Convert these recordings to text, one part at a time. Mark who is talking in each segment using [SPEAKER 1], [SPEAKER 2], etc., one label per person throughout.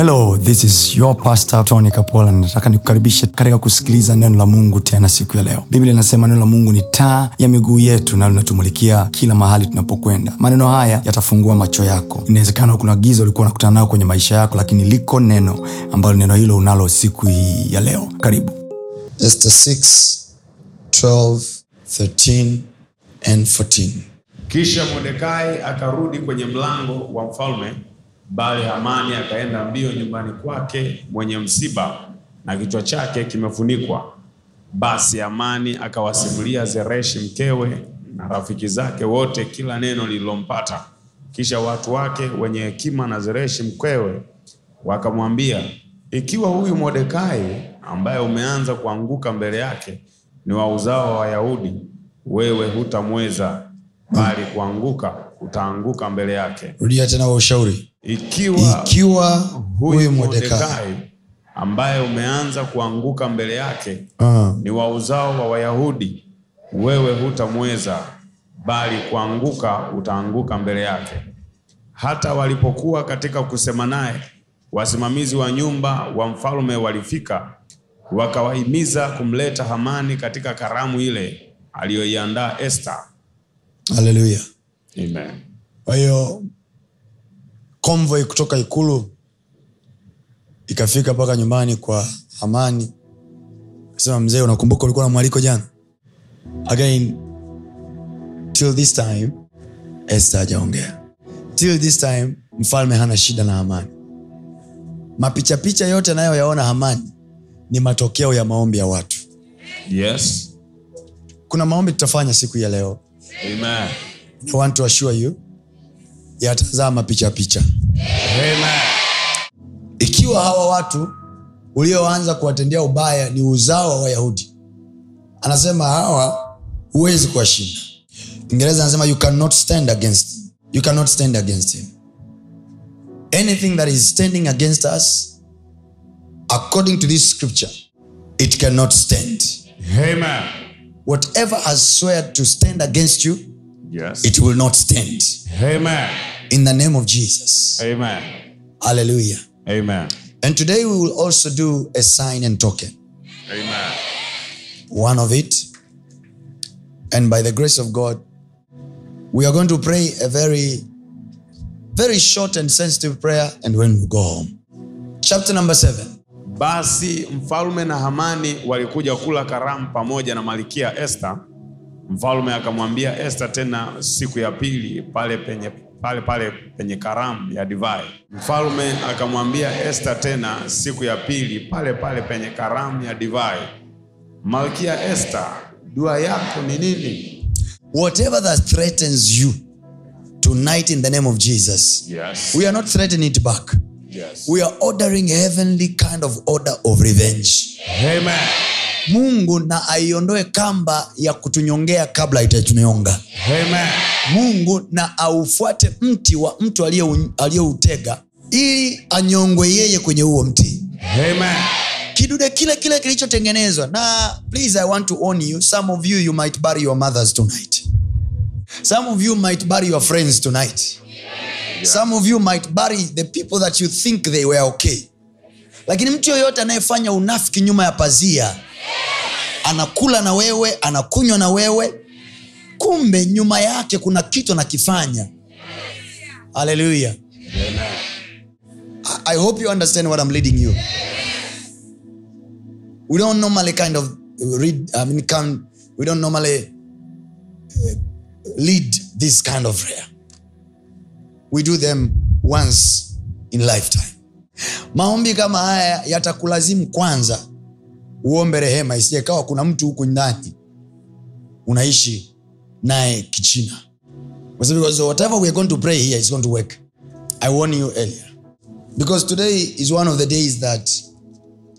[SPEAKER 1] hello this is your pastor tony kapola nataka nikukaribishe katika kusikiliza neno la mungu tena siku ya leo biblia inasema neno la mungu ni taa ya miguu yetu na linatumulikia kila mahali tunapokwenda maneno haya yatafungua macho yako inawezekana kuna giza ulikuwa unakutana nayo kwenye maisha yako lakini liko neno ambalo neno hilo unalo siku hii ya leo karibu Esther 6, 12, 13 and 14.
[SPEAKER 2] kisha mordekai akarudi kwenye mlango wa mfalme bali Hamani akaenda mbio nyumbani kwake mwenye msiba na kichwa chake kimefunikwa. Basi Hamani akawasimulia Zereshi mkewe na rafiki zake wote kila neno lililompata. Kisha watu wake wenye hekima na Zereshi mkewe wakamwambia, ikiwa huyu Mordekai ambaye umeanza kuanguka mbele yake ni wa uzao wa Wayahudi, wewe hutamweza bali kuanguka utaanguka mbele yake
[SPEAKER 1] rudia tena wa ushauri
[SPEAKER 2] ikiwa, ikiwa huyu modekai ambaye umeanza kuanguka mbele yake uh. ni wa uzao wa wayahudi wewe hutamweza bali kuanguka utaanguka mbele yake hata walipokuwa katika kusema naye wasimamizi wa nyumba wa mfalme walifika wakawahimiza kumleta hamani katika karamu ile aliyoiandaa esta
[SPEAKER 1] haleluya kwahiyo konvoi kutoka ikulu ikafika mpaka nyumbani kwa amani sema mzee unakumbuka ulikuwa na mwaliko jana again till this time este ajaongea till this time mfalme hana shida na amani mapichapicha yote anayoyaona amani ni matokeo ya maombi ya watu yes kuna maombi tutafanya siku ya leo Amen. I want to assure you yatazama picha picha Amen. ikiwa hawa watu ulioanza kuwatendea ubaya ni uzao wa wayahudi anasema hawa huwezi kuwashinda ingereza anasema you cannot stand against you cannot stand against him anything that is standing against us according to this scripture it cannot stand Amen. whatever has sweared to stand against you yes. it will not stand. Amen. In the name of Jesus. Amen. Hallelujah. Amen. And today we will also do a sign and token. Amen. One of it. And by the grace of God, we are going to pray a very, very short and sensitive prayer, and when we go home. Chapter number seven.
[SPEAKER 2] Basi mfalme na Hamani walikuja kula karamu pamoja na malikia Esther Mfalme akamwambia Esta tena siku ya pili pale penye pale pale penye karamu ya divai. Mfalme akamwambia Esta tena siku ya pili pale pale penye karamu ya divai, Malkia Esta, dua yako ni nini?
[SPEAKER 1] Whatever that threatens you tonight in the name of Jesus. Yes. We are not threatening it back. Yes. We are ordering heavenly kind of order of revenge. Amen mungu na aiondoe kamba ya kutunyongea kabla itatunyonga mungu na aufuate mti wa mtu aliyeutega ili anyongwe yeye kwenye huo mti Amen. kidude kile kile kilichotengenezwa na please i want to you some of you you might bury your mothers tonight some of you might bury your friends tonight yeah. some of you might bury the people that you think they were okay lakini mtu yoyote anayefanya unafiki nyuma ya pazia anakula na wewe anakunywa na wewe kumbe nyuma yake kuna kitu anakifanya haleluya i hope you understand what i'm leading you we don't normally kind of read i mean can, we don't normally uh, lead this kind of prayer we do them once in lifetime maombi kama haya yatakulazimu kwanza uombe rehema isiyekawa kuna mtu huku ndani unaishi naye kichina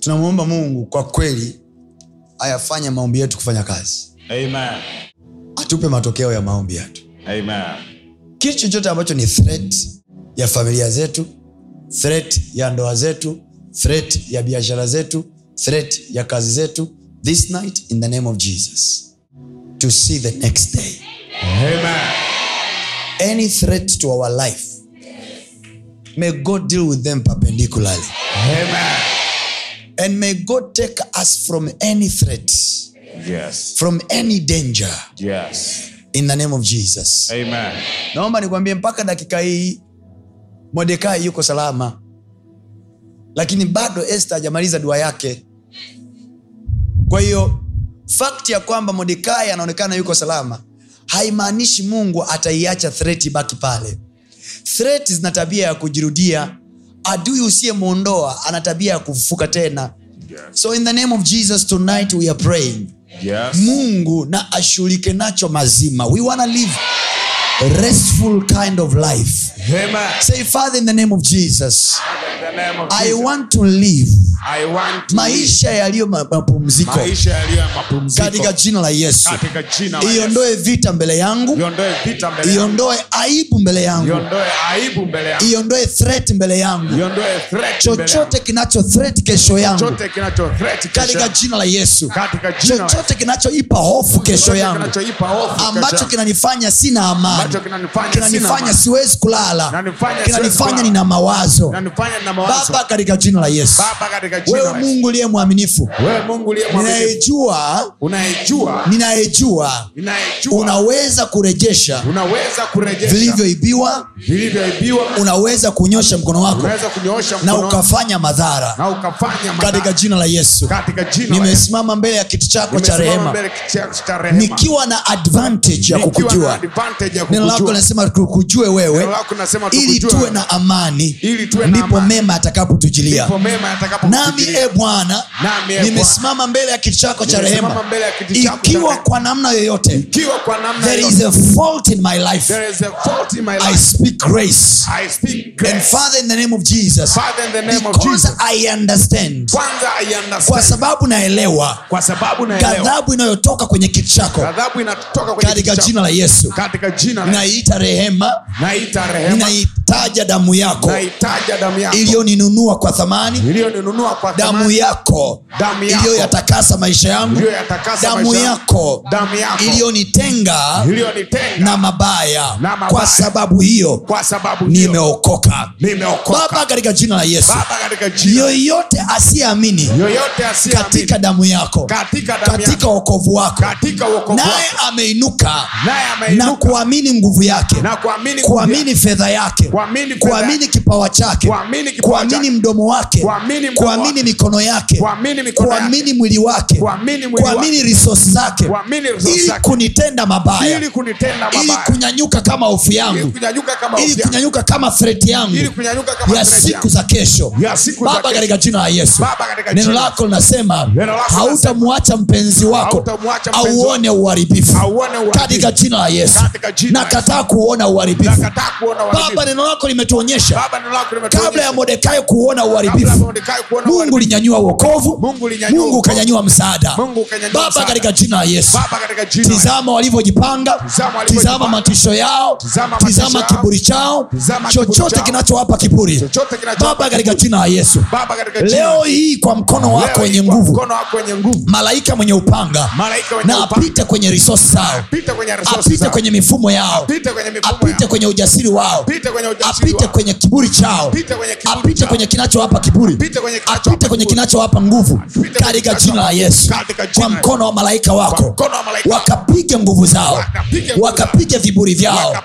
[SPEAKER 1] tunamwomba mungu kwa kweli ayafanye maombi yetu kufanya kazi Amen. atupe matokeo ya maombi yetu kitu chochote ambacho ni threat ya familia zetu threat ya ndoa zetu threat ya biashara zetu threat ya kazi zetu this night in the name of jesus to see the next day Amen. any threat to our life may god deal with them perpendicularly Amen. and may god take us from any threat yes. from any danger yes. in the name of jesus naomba nikwambie mpaka dakika hii modekai yuko salama lakini bado este hajamaliza dua yake kwa hiyo fakti ya kwamba modekai anaonekana yuko salama haimaanishi mungu ataiacha threti baki pale threti zina tabia ya kujirudia adui usiyemwondoa ana tabia ya kufufuka tena yes. so in the name of jesus tonight we are praying yes. mungu na ashughulike nacho mazima we wanna live a restful kind of life Amen. say father in the name of jesus Amen. I want to live I want to maisha yaliyo mapumziko katika jina la yesu iondoe vita mbele yangu
[SPEAKER 3] iondoe aibu mbele yangu iondoe threat mbele yangu chochote kinacho threat kesho yangu katika jina la yesu chochote kinachoipa hofu kesho yangu ambacho kinanifanya sina amani
[SPEAKER 2] kinanifanya
[SPEAKER 1] siwezi kulala kinanifanya nina mawazo Baba, katika jina la Yesu, wewe Mungu liye mwaminifu, ninayejua unaweza kurejesha vilivyoibiwa, unaweza kunyosha mkono wako na ukafanya madhara katika jina la Yesu. Nimesimama mbele ya kiti chako cha rehema
[SPEAKER 2] nikiwa na advantage ya kukujua. Neno lako linasema tukujue
[SPEAKER 1] wewe, ili tuwe na amani, ndipo mema atakapotujilia e nami e bwana nimesimama mbele ya kiti chako cha rehema ikiwa kwa namna yoyote
[SPEAKER 3] there is a fault in my life i speak grace and father in the name of jesus because i understand kwa sababu naelewa ghadhabu inayotoka kwenye kiti chako katika jina la yesu naiita rehema ninaitaja damu yako iliyo iliyoninunua kwa thamani damu yako iliyoyatakasa maisha yangu damu yako iliyonitenga na mabaya kwa sababu hiyo nimeokoka baba katika jina la yesu yoyote asiyeamini katika damu yako katika uokovu wako naye ameinuka na kuamini nguvu yake kuamini fedha yake kuamini kipawa chake kuamini mdomo wake kuamini mikono yake kuamini mwili wake kuamini risosi zake ili kunitenda mabaya ili kunyanyuka kama hofu yangu ili kunyanyuka kama freti yangu ya siku za kesho baba katika jina la yesu neno lako linasema hautamwacha mpenzi wako auone uharibifu katika jina la yesu nakataa kuona uharibifu baba neno lako limetuonyesha kabla ya mode mordekayo kuona uharibifu mungu linyanyua uokovu mungu ukanyanyua msaada baba katika jina la yesu tizama walivyojipanga tizama matisho yao tizama kiburi chao chochote kinachowapa kiburi baba katika jina la yesu leo hii kwa mkono wako wenye nguvu malaika mwenye upanga na apite kwenye risosi zao apite kwenye mifumo yao apite kwenye ujasiri wao apite kwenye kiburi chao apite kwenye kinachowapa kiburi apite kwenye kinachowapa ah, nguvu ah, katika jina la yesu kwa mkono wa malaika wako wakapige nguvu zao wakapige viburi vyao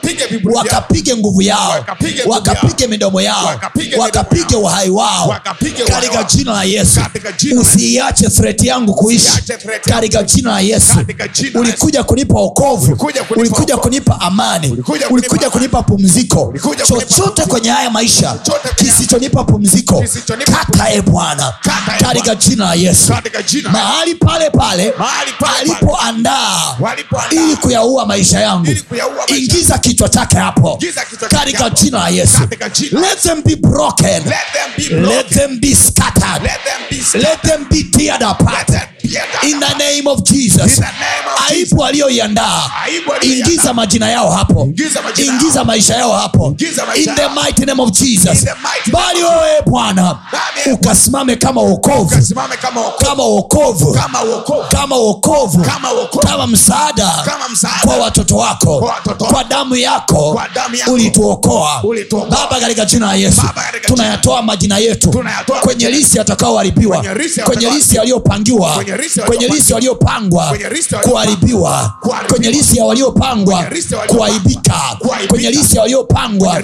[SPEAKER 3] wakapige nguvu yao wakapige midomo yao wakapige uhai wao katika jina la yesu usiiache threti yangu kuishi katika jina la yesu ulikuja kunipa okovu ulikuja kunipa amani ulikuja kunipa pumziko chochote kwenye haya maisha kisichonipa kunipa pumziko kata e bwana katika jina la yesu mahali pale pale alipoandaa ili kuyaua maisha yangu ingiza kichwa chake hapo katika jina la yesu let them be broken let them be scattered let them be teared apart in the name of jesus aibu aliyoiandaa ingiza majina yao hapo ingiza maisha yao hapo in the mighty name of jesus bali wewe bwana ukasimame kama wokovu kama wokovu kama wokovu kama msaada kwa watoto wako kwa damu yako ulituokoa baba katika jina la yesu tunayatoa majina yetu kwenye lisi atakaoharibiwa kwenye lisi aliyopangiwa kwenye lisi waliopangwa kuharibiwa kwenye lisi ya waliopangwa kuaibika kwenye lisi ya waliopangwa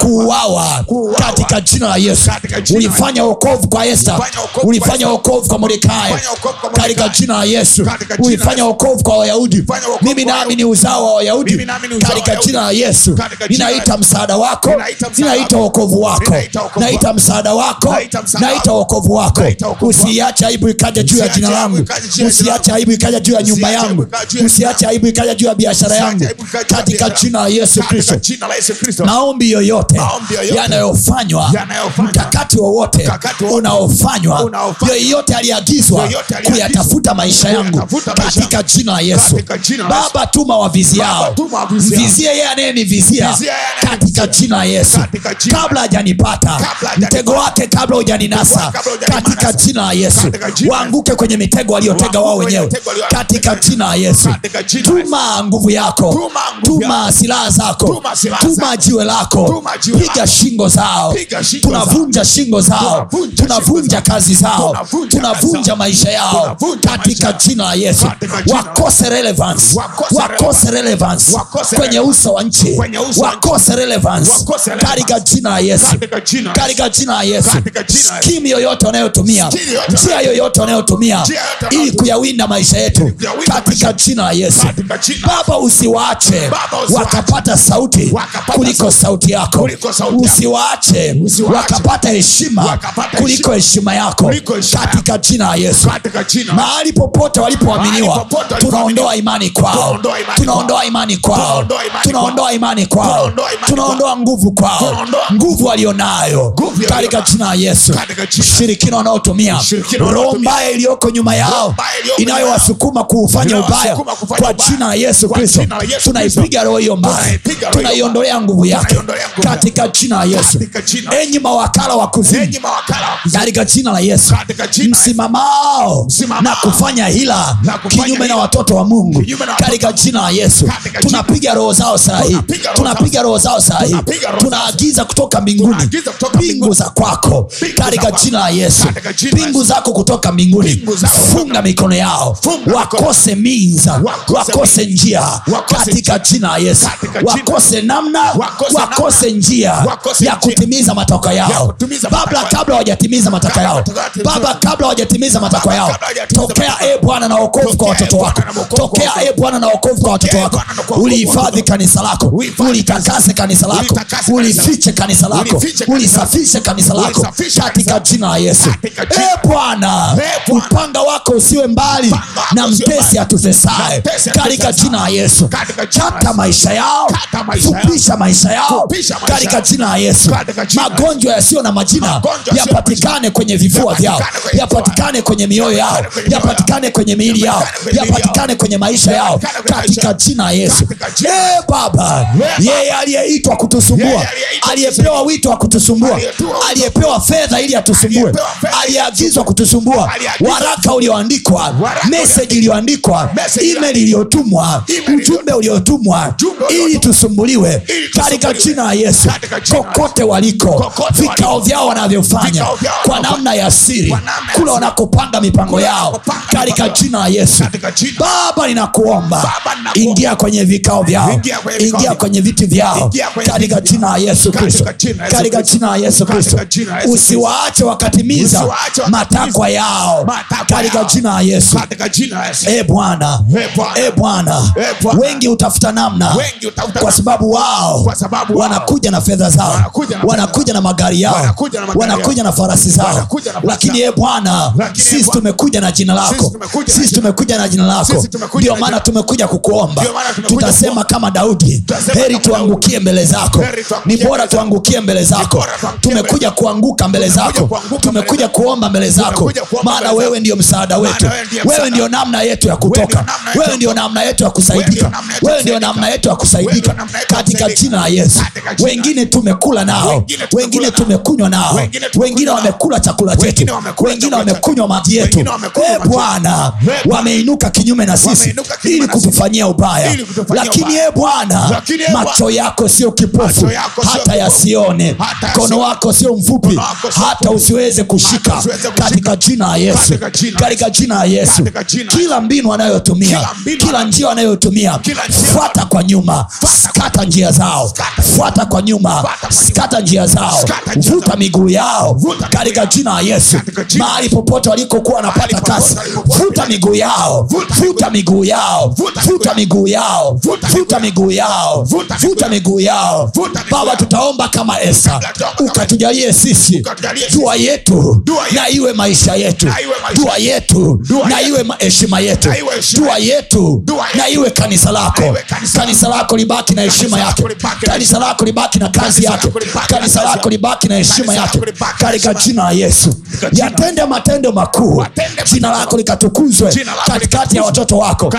[SPEAKER 3] kuuawa katika jina la yesu ulifanya wokovu kwa esta ulifanya wokovu kwa mordekai katika jina la yesu ulifanya wokovu kwa wayahudi mimi nami ni uzao wa wayahudi katika jina la yesu ninaita msaada wako ninaita wokovu wako naita msaada wako naita wokovu wako usiache aibu ikaja juu ya jina yangu msiache aibu ikaja juu ya nyumba yangu msiache aibu ikaja juu ya biashara yangu katika jina la yesu kristo maombi yoyote yanayofanywa mkakati wowote unaofanywa yoyote aliagizwa kuyatafuta maisha yangu katika jina la yesu baba tuma wavizi yao mvizie yeye anayenivizia katika jina la yesu kabla hajanipata mtego wake kabla hujaninasa katika jina la yesu waanguke kwenye mitego waliotega wao wenyewe katika jina ya yesu tuma nguvu yako tuma silaha zako tuma jiwe lako piga shingo zao tunavunja shingo zao tunavunja kazi zao tunavunja maisha yao katika jina la yesu wakose relevance wakose relevance kwenye uso wa nchi wakose relevance katika jina la yesu katika jina la yesu skimu yoyote wanayotumia njia yoyote wanayotumia ili kuyawinda maisha yetu katika jina la yesu baba usiwaache wakapata sauti kuliko sauti yako usiwaache wakapata heshima kuliko heshima yako katika jina la yesu mahali popote walipoaminiwa tunaondoa imani kwao tunaondoa imani kwao tunaondoa imani kwao tunaondoa nguvu kwao nguvu walionayo katika jina la yesu shirikino wanaotumia roho mbaya iliyoko nyuma neema yao inayowasukuma kuufanya ubaya kwa jina la yesu kristo tunaipiga roho hiyo mbaya tunaiondolea nguvu yake katika jina la yesu enyi mawakala wa kuzini katika jina la yesu msimamao na kufanya hila kinyume na watoto wa mungu katika jina la yesu tunapiga roho zao sahi tunapiga roho zao sahi tunaagiza kutoka mbinguni pingu za kwako katika jina la yesu pingu zako kutoka mbinguni funga mikono yao wakose minza wakose njia katika jina yesu wakose namna wakose njia ya kutimiza matoka yao babla kabla wajatimiza matoka yao baba kabla wajatimiza matoka yao tokea e bwana na wokovu kwa watoto e wako tokea e bwana na wokovu kwa watoto e wako ulihifadhi kanisa lako ulitakase kanisa lako ulifiche kanisa lako ulisafishe kanisa lako katika jina la yesu e, e bwana upanga wako usiwe mbali na mtesi atutesae katika jina la yesu kata maisha yao fupisha maisha yao katika jina la yesu magonjwa yasiyo na majina yapatikane kwenye vifua vyao yapatikane kwenye mioyo yao yapatikane kwenye miili yao yapatikane kwenye maisha yao katika jina la ee yesu ee baba yeye aliyeitwa kutusumbua aliyepewa wito wa kutusumbua aliyepewa fedha ili atusumbue aliyeagizwa kutusumbua waraka taarifa ulioandikwa meseji iliyoandikwa email iliyotumwa ujumbe uliotumwa ili tusumbuliwe katika china ya yesu kokote waliko vikao vyao wanavyofanya kwa namna ya siri kula wanakopanga mipango yao katika china ya yesu baba ninakuomba ingia kwenye vikao vyao ingia kwenye viti vyao katika china ya yesu kristo katika china ya yesu kristo usiwaache wakatimiza matakwa yao katika jina la yesu e bwana e bwana e e wengi hutafuta namna kwa sababu wao wanakuja na fedha zao wanakuja na magari yao wanakuja na farasi zao e lakini e bwana sisi tumekuja na jina lako sisi tumekuja na jina lako ndio maana tumekuja kukuomba tutasema kama daudi heri tuangukie mbele zako ni bora tuangukie mbele zako tumekuja kuanguka mbele zako tumekuja kuomba mbele zako maana wewe ndio msaada wetu wewe ndio namna yetu ya kutoka wewe ndio namna yetu ya kusaidika wewe ndio namna yetu ya kusaidika katika jina la yesu wengine tumekula nao wengine tumekunywa nao wengine wamekula chakula chetu wengine wamekunywa maji yetu e bwana wameinuka kinyume na sisi ili kutufanyia ubaya lakini e bwana ee macho yako sio kipofu hata yasione mkono wako sio mfupi hata usiweze kushika katika jina la yesu katika jina ya yesu kila mbinu anayotumia kila njia anayotumia fuata kwa nyuma skata njia zao fuata kwa nyuma skata njia zao vuta miguu yao katika jina ya yesu mahali popote walikokuwa wanapata kasi vuta miguu yao vuta miguu yao vuta miguu yao vuta miguu yao vuta miguu yao baba tutaomba kama esa ukatujalie sisi dua yetu na iwe maisha yetu dua yetu yetu na iwe heshima yetu dua yetu na iwe kanisa lako kanisa lako libaki na heshima yake kanisa lako libaki na kazi yake kanisa lako libaki na heshima yake katika jina la yesu yatende matendo makuu jina lako likatukuzwe katikati ya watoto wako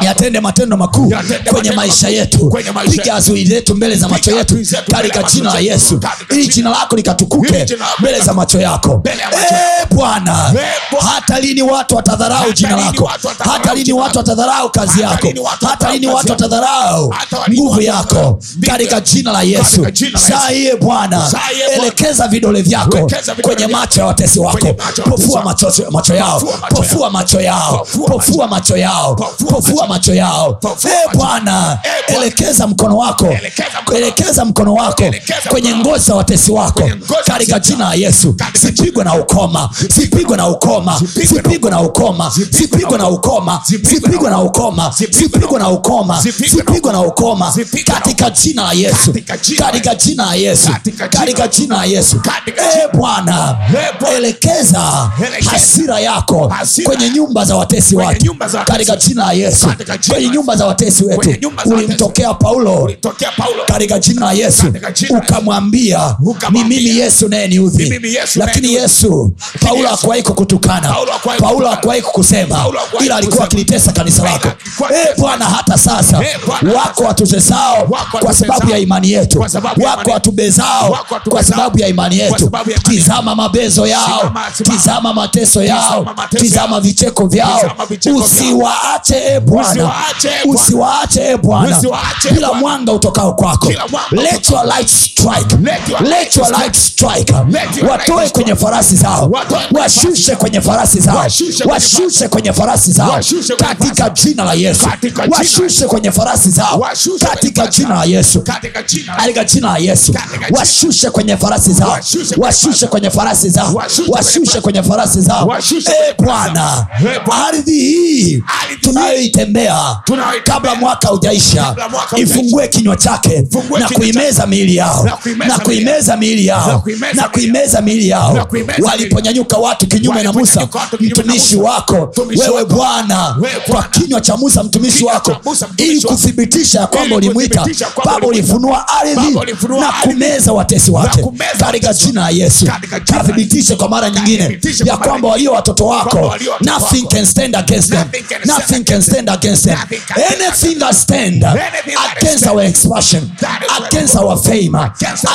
[SPEAKER 3] yatende matendo makuu kwenye maisha yetu piga zui letu mbele za macho yetu katika jina la yesu ili jina lako likatukuke mbele za macho yako ee bwana ee hata lini watu watadharau jina lako hata lini watu watadharau kazi yako hata lini watu watadharau nguvu yako katika jina la yesu saa hiye bwana elekeza vidole vyako kwenye macho ya watesi wako pofua macho yao pofua macho yao pofua macho yao pofua macho yao e bwana elekeza mkono wako elekeza mkono wako kwenye ngozi za watesi wako katika jina la yesu sipigwe na ukoma sipigwe na ukoma sipigwe na ukoma sipigwe na ukoma sipigwe na ukoma sipigwe na ukoma sipigwe na ukoma katika jina la yesu katika jina la yesu katika jina la yesu e bwana elekeza hasira yako kwenye nyumba za watesi watu katika jina la yesu kwenye nyumba za watesi wetu ulimtokea paulo katika jina la yesu ukamwambia ni mimi yesu udhi lakini yesu paulo akuwaiko kutukana paulo akuwahi kukusema ila alikuwa akilitesa kanisa lako e bwana hata sasa eh, wako watuzesao kwa sababu ya imani yetu wako watubezao kwa sababu ya imani yetu tizama mabezo yao tizama mateso yao tizama vicheko vyao usiwaache e bwana usiwaache e bwana bila mwanga utokao kwako watoe kwenye farasi zao washushe kwenye farasi farasi zao washushe kwenye farasi zao katika jina la yesu washushe kwenye farasi zao katika jina la yesu katika jina la yesu washushe kwenye farasi zao washushe kwenye farasi zao washushe kwenye farasi zao e bwana ardhi hii tunayoitembea kabla mwaka ujaisha ifungue kinywa chake na kuimeza miili yao na kuimeza miili yao na kuimeza miili yao waliponyanyuka watu kinyume na musa mtumishi wako wewe bwana kwa kinywa cha musa mtumishi wako ili kuthibitisha ya kwamba ulimwita baba ulifunua ardhi na kumeza watesi wake katika jina ya yesu kathibitishe kwa mara nyingine ya kwamba walio watoto wako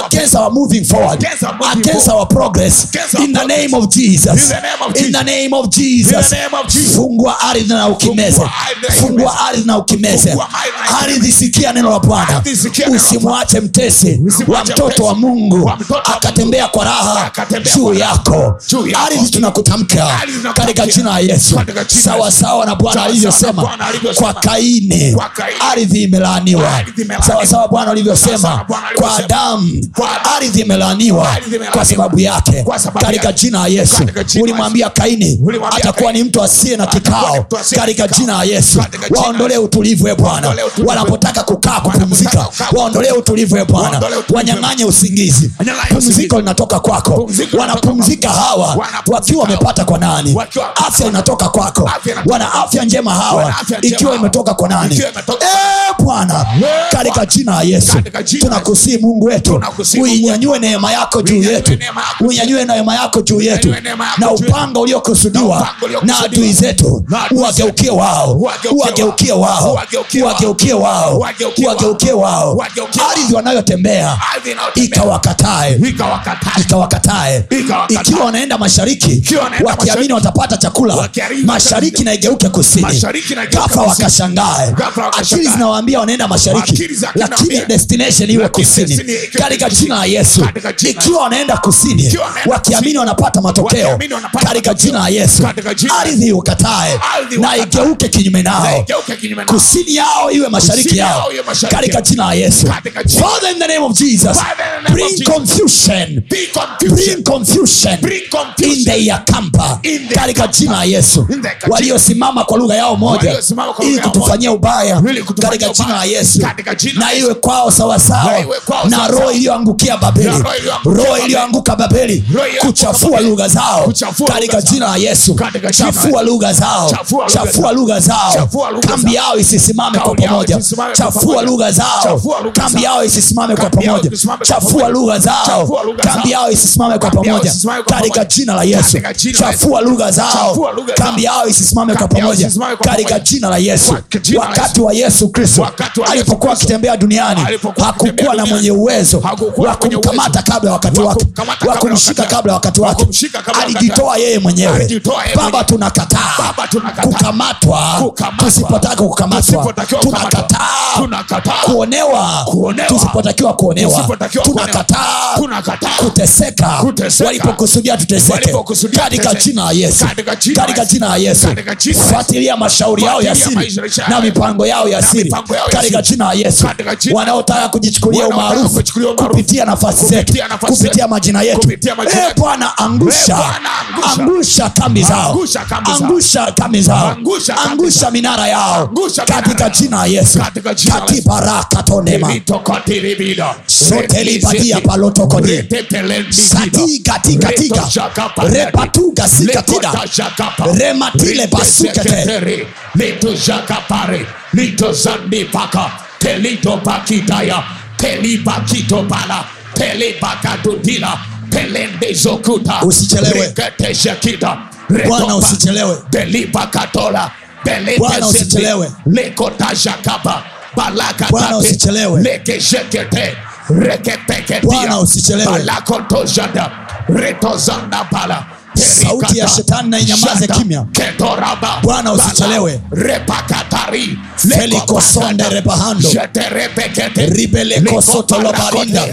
[SPEAKER 3] against our moving forward against our progress in the name of jesus in the name name of jesus fungua ardhi na ukimeze fungua ardhi na ukimeze ardhi sikia neno la bwana usimwache mtesi wa mtoto wa mungu akatembea kwa raha juu yako ardhi tunakutamka katika jina la yesu sawasawa na bwana alivyosema kwa kaini ardhi imelaaniwa sawasawa bwana alivyosema kwa adamu ardhi imelaaniwa kwa sababu yake katika jina la yesu ulimwambia kaini mwamini atakuwa ni mtu asiye na kikao katika jina la yesu ee waondolee utulivu e bwana wanapotaka kukaa kupumzika waondolee utulivu e bwana wanyang'anye usingizi pumziko linatoka kwako wanapumzika hawa wakiwa wamepata kwa nani afya inatoka kwako wana afya njema hawa ikiwa imetoka kwa nani e bwana katika jina la yesu tunakusii mungu wetu uinyanyue neema yako juu yetu uinyanyue neema yako juu yetu na upanga ulioko uliokusudiwa na adui zetu uwageukie wao uwageukie wao uwageukie wao uwageukie wao ardhi wanayotembea ikawakatae ikawakatae ikiwa wanaenda mashariki wakiamini watapata chakula mashariki naigeuke kusini gafa wakashangae akili zinawaambia wanaenda mashariki lakini destination iwe kusini katika jina la yesu ikiwa wanaenda kusini wakiamini wanapata matokeo katika jina jina la yesu ardhi ukatae na igeuke kinyume nao kusini yao iwe mashariki yao katika jina la yesu katika jina la yesu waliosimama kwa lugha yao moja ili kutufanyia ubaya katika jina la yesu na iwe kwao sawasawa na roho iliyoangukia babeli roho iliyoanguka babeli kuchafua lugha zao katika jina la yesu chafua lugha zao chafua lugha zao kambi yao isisimame kwa pamoja chafua lugha zao kambi yao isisimame kwa pamoja chafua lugha zao kambi yao isisimame kwa pamoja katika jina la yesu chafua lugha zao kambi yao isisimame kwa pamoja katika jina la yesu wakati wa yesu kristo alipokuwa akitembea duniani hakukuwa na mwenye uwezo wa kumkamata kabla ya wakati wake wa kumshika kabla ya wakati wake alijitoa yeye mwenyewe baba tunakataa kukamatwa kukamatwa tunakataa kuonewa tusipotakiwa kuonewa tunakataa kuteseka walipokusudia tuteseke katika jina yesukatika yesu katika jina yesu fuatilia mashauri yao ya siri na mipango yao ya siri katika jina ya yesu wanaotaka kujichukulia umaarufu kupitia nafasi zetu kupitia majina ee yetu bwana angusha ee angusha angusha kambi zao angusha kambi zao angusha minara yao katika jina la yesu katibarakatonema sotelibadia palotokoni satigatigatika repatuga sikatida rematile basukete litozandipaka telitopakitaya telipakitopala telipakatutila telende zokuta usichelewe bwana usichelewe deliva katola bwana usichelewe lekotajakaba balaka usichelewe lekeshekete reketeketia bwana usichelewe balakotozada retozanda bala sauti ya shetani na inyamaze kimya bwana usichelewe felikosonde repahando ribelekosotolobarinda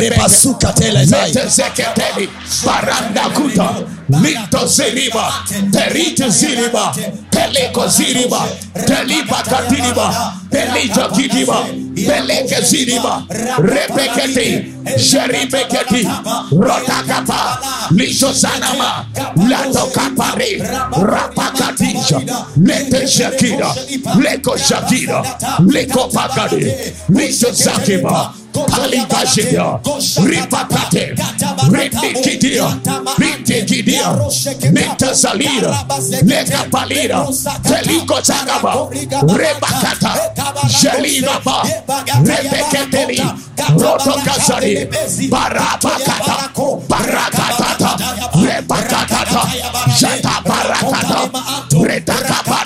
[SPEAKER 3] repasuka zai mito ziriba terite ziriba peleko ziriba teliba katiriba pelito kidiba peleke ziriba rebeketi jeribeketi rotakapa lishozanama latokapari lete shakira, leko shakira lekopakadi sakiba, Aligajidia, Ripakate, Rendikidia, Mintikidia, Mentazalira, Legapalira, Telico Zagaba, Rebakata, Jelinaba, Rebeketeli, Rotokazari, Barabakata, Barakatata, Rebakatata, Jata Barakata, Retaka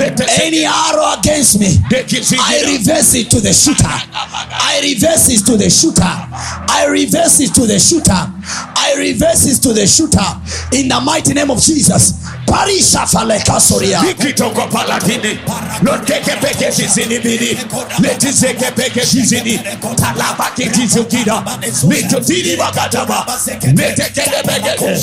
[SPEAKER 3] Any arrow against me, I reverse it to the shooter. I reverse it to the shooter. I reverse it to the shooter. I reverse it to the shooter. In the mighty name of Jesus, parisha falekasuria ikitoko palatini lotekepeke letizekepeke zizini talabakitizukira mitutini bakataba metekedebekee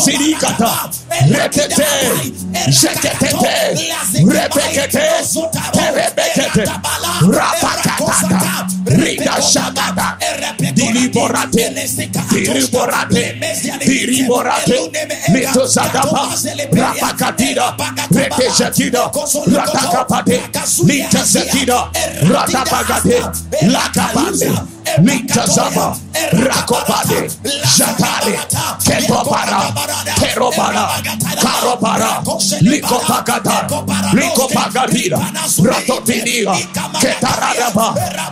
[SPEAKER 3] Zirikata, Rekete, Jekete, Rebekete, Rebekete, Rapakata, Rida Shagada, Diliborate, Diliborate, Diliborate, Mitozadaba, Rapakatida, Rekejatida, Ratakapate, Nitazatida, Ratapagate, Lakapate, Nitazama rakopade jatale ketopara kerobara karobara likopakata likopakatira ratotinia ketaradaba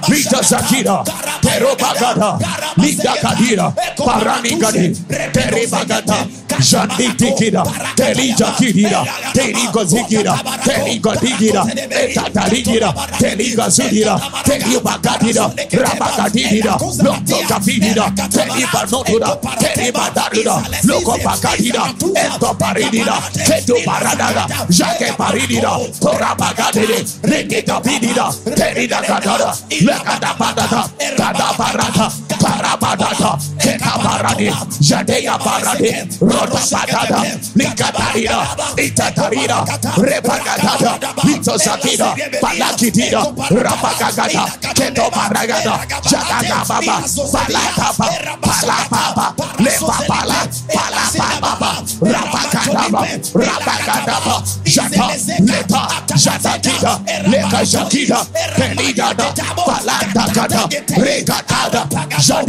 [SPEAKER 3] litazakira terobagada lidakadira paranikadi teribagata Janitikira, Terija Kirira, Terigo Zikira, Terigo Digira, Etatarigira, Terigo Zudira, Teribagadira, Rabagadira, Loco Cafidira, Teriba Notura, Teriba Darura, Loco Bagadira, Eto Paridira, Teto Paradada, Jaque Paridira, Torabagadere, Rekita Pidira, tenida Cadara, Lacada Padada, Cada Parada, Barabadata, Kekabarade, Jadea Barade, Rodabatada, Likatarida, Itatarida, Repagata, Litosatida, Palakitida, Rapagagata, Keto Baragata, Jadaga Baba, Palakaba, Palapaba, Lepapala, Palapaba, Rapakadaba, Rapakadaba, Jata, Leta, Jatakita, Leka Jakita, Peligada, Palakata, Regatada, Jada.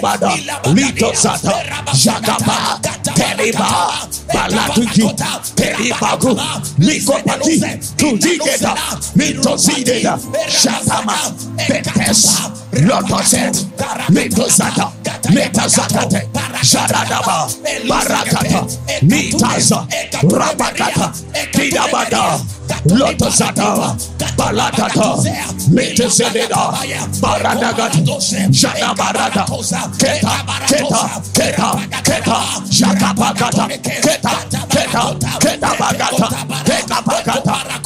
[SPEAKER 3] Telebada, Lito Sata, Jagaba, Teleba, Balatuki, Telebagu, Nikopati, Tudigeta, Mito Zideda, Shatama, Betes, Lotoset, Mitosata, Metasakate, Shadadaba, Barakata, Mitaza, Rabakata, Kidabada, Lotosata, Balatata, Mitasededa, Baradagat, Shadabarata, Keta, Keta, Keta, Keta, Shakapakata, Keta, Keta, Keta Bagata, Keta Bagata,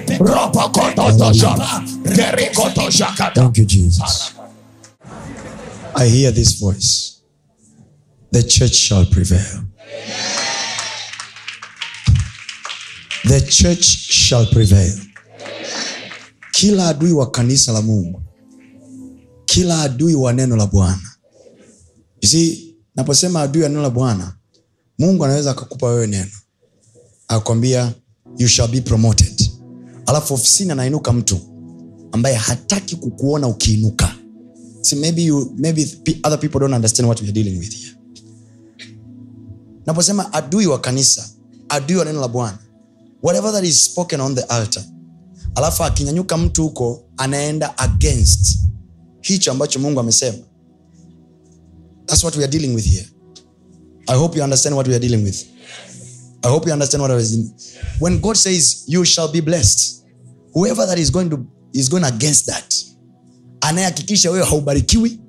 [SPEAKER 3] Thank
[SPEAKER 1] you, Jesus. I hear this voice. The church shall prevail. The church shall prevail. Kila adui wa kanisa la Mungu, kila adui wa neno la Bwana. You see, naposema adui wa neno la Bwana, Mungu anaweza akakupa wewe neno, akwambia you shall be promoted alafu ofisini anainuka mtu ambaye hataki kukuona ukiinuka naposema adui wa kanisa adui wa neno la bwana whatever that is spoken on the altar alafu akinyanyuka mtu huko anaenda against hicho ambacho mungu amesema thats what we are dealing with here i hope you understand what we are dealing with i hope you understand what I was in. when god says you shall be blessed whoever that is going, to, is going against that anayehakikisha wewe haubarikiwi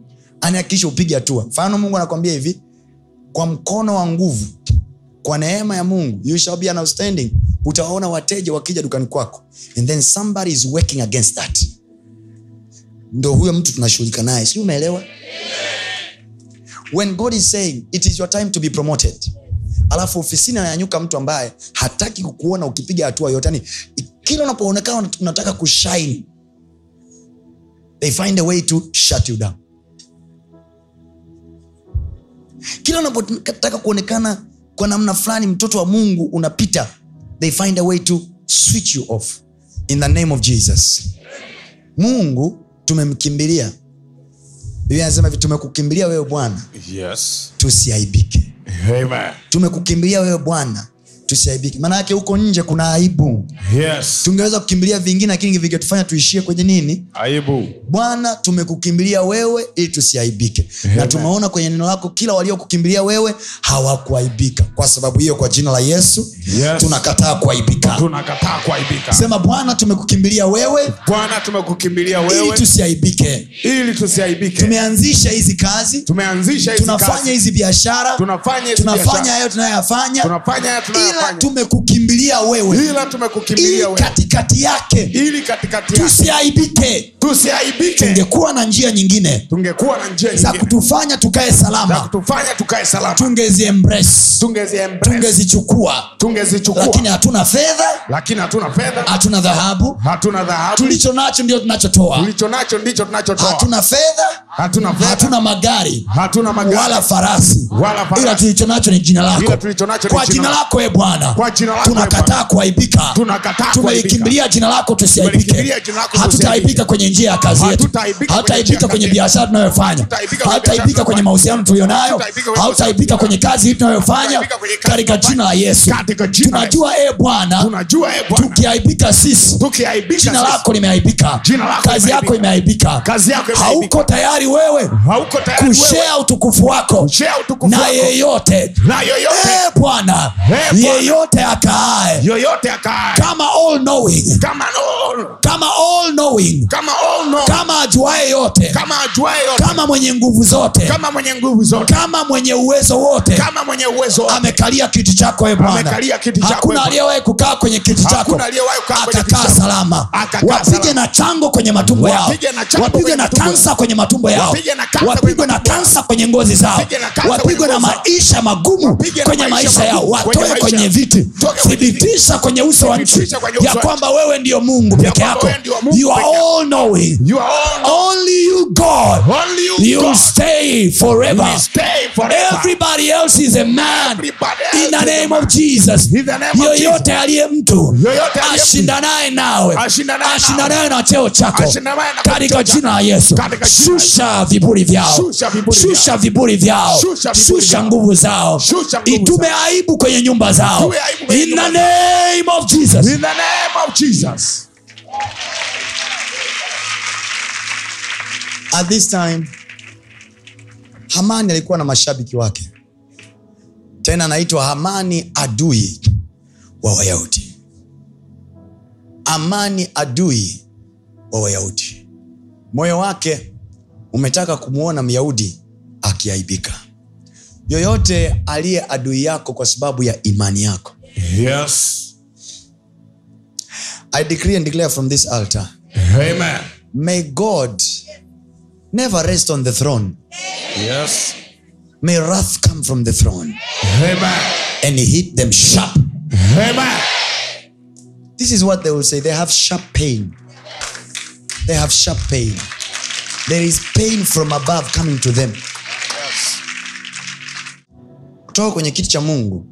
[SPEAKER 1] anayehakikisha upige hatua mfano mungu anakwambia hivi kwa mkono wa nguvu kwa neema ya mungu you shall be an utawaona wateja wakija dukani kwako and then somebody is working against that ndo huyo mtu tunashughulika naye si umeelewa when god is saying it is your time to be promoted alafu ofisini ananyanyuka mtu ambaye hataki kukuona ukipiga hatua yote yani kila unapoonekana unataka kushine they find a way to shut you down kila unapotaka kuonekana kwa namna fulani mtoto wa mungu unapita they find a way to switch you off in the name of jesus mungu tumemkimbilia biblia anasema tumekukimbilia wewe bwana yes. tusiaibike tumekukimbilia wewe bwana tusiaibike maanayake huko nje kuna aibu yes. tungeweza kukimbilia vingine lakini vingetufanya tuishie kwenye nini aibu bwana tumekukimbilia wewe ili tusiaibike na tumeona kwenye neno lako kila waliokukimbilia wewe hawakuaibika kwa sababu hiyo kwa jina la yesu
[SPEAKER 3] yes. tunakataa kuaibika
[SPEAKER 1] sema bwana tumekukimbilia wewe bwana tumekukimbilia wewe ili
[SPEAKER 3] tusiaibike ili tusiaibike tumeanzisha hizi kazi tumeanzisha hizi tunafanya hizi biashara tunafanya tunafanya hayo tunayoyafanya tunafanya ila tumekukimbilia wewe ila tumekukimbilia wewe katikati yake ili katikati yake tusiaibike tusiaibike tungekuwa na njia nyingine tungekuwa na njia nyingine za kutufanya tukae salama za kutufanya tukae salama lakini hatuna fedha lakini hatuna fedha hatuna dhahabu hatuna dhahabu tulicho nacho ndio tunachotoa tulicho nacho ndicho tunachotoa hatuna fedha hatuna fedha hatuna magari hatuna magari wala farasi wala farasi ila tulicho nacho ni jina lako kwa jina lako e bwana bwana tunakataa kuaibika tumeikimbilia jina lako tusiaibike hatutaaibika kwenye njia ya kazi yetu hatutaaibika kwenye biashara tunayofanya hatutaaibika kwenye mahusiano tuliyonayo hatutaaibika kwenye kazi hii tunayofanya katika jina la yesu tunajua e bwana e tukiaibika sisi jina lako limeaibika kazi yako imeaibika hauko tayari wewe kushea utukufu wako na yeyote e bwana e yoyote akaae kama all knowing kama all kama all knowing kama all kama ajuae yote kama ajuae yote kama mwenye nguvu zote kama mwenye nguvu zote kama mwenye uwezo wote kama mwenye uwezo amekalia kiti chako e bwana amekalia kiti chako eh, hakuna aliyewahi kukaa kwenye kiti chako hakuna aliyewahi kukaa kwenye kiti chako salama wapige na chango kwenye matumbo yao wapige na kansa kwenye matumbo yao wapigwe na kansa kwenye ngozi zao wapigwe na maisha magumu kwenye maisha yao watoe kwenye kwenye viti thibitisha kwenye uso wa nchi ya kwamba wewe ndiyo mungu peke yako you are all knowing. You are God, only you you God. Stay, forever. stay forever. Everybody else is a man in the name of Jesus. Yoyote aliye mtu ashindanaye nawe ashindanaye na cheo chako katika jina la Yesu, shusha viburi vyao, shusha viburi vyao, shusha nguvu zao, itume aibu kwenye nyumba zao in the name of Jesus. In the
[SPEAKER 1] name of Jesus at this time hamani alikuwa na mashabiki wake tena anaitwa hamani adui wa wayahudi amani adui wa wayahudi moyo wake umetaka kumwona myahudi akiaibika yoyote aliye adui yako kwa sababu ya imani yako yes. I decree and declare from this altar. Amen. May God never rest on the throne. Yes. May wrath come from the throne. Amen. And hit them sharp. Amen. This is what they will say. They have sharp pain. They have sharp pain. There is pain from above coming to them. Yes. Kutoka kwenye kiti cha Mungu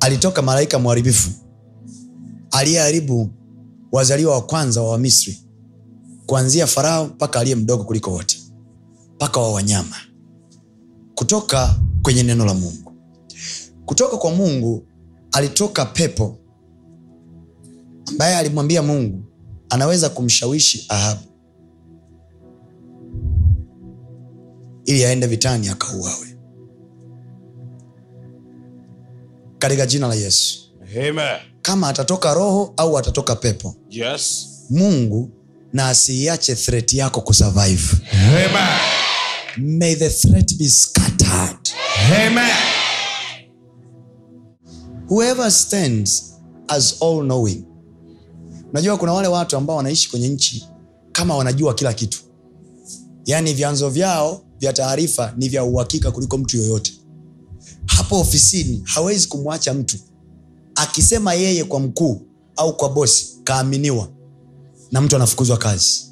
[SPEAKER 1] alitoka malaika mwharibifu aliyeharibu wazaliwa wa kwanza wa Misri, kuanzia Farao mpaka aliye mdogo kuliko wote mpaka wa wanyama kutoka kwenye neno la mungu kutoka kwa mungu alitoka pepo ambaye alimwambia mungu anaweza kumshawishi ahabu ili aende vitani akauawe katika jina la yesu Amen. kama atatoka roho au atatoka pepo yes. mungu na asiiache threti yako kusurvive Amen may the threat be scattered amen whoever stands as all knowing unajua kuna wale watu ambao wanaishi kwenye nchi kama wanajua kila kitu yaani vyanzo vyao vya taarifa ni vya uhakika kuliko mtu yoyote hapo ofisini hawezi kumwacha mtu akisema yeye kwa mkuu au kwa bosi kaaminiwa na mtu anafukuzwa kazi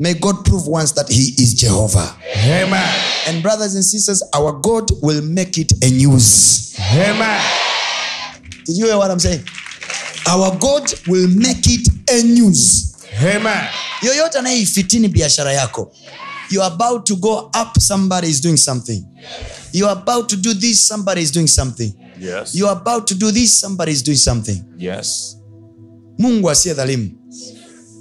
[SPEAKER 1] May God prove once that He is Jehovah. Amen. And brothers and sisters, our God will make it a news. Amen. Did you hear what I'm saying? Our God will make it a news. Amen. Yoyote anayeifitini biashara yako. You are about to go up, somebody is doing something. You are about to do this, somebody is doing something. Yes. You are about to do this, somebody is doing something. Yes. Mungu asiye dhalimu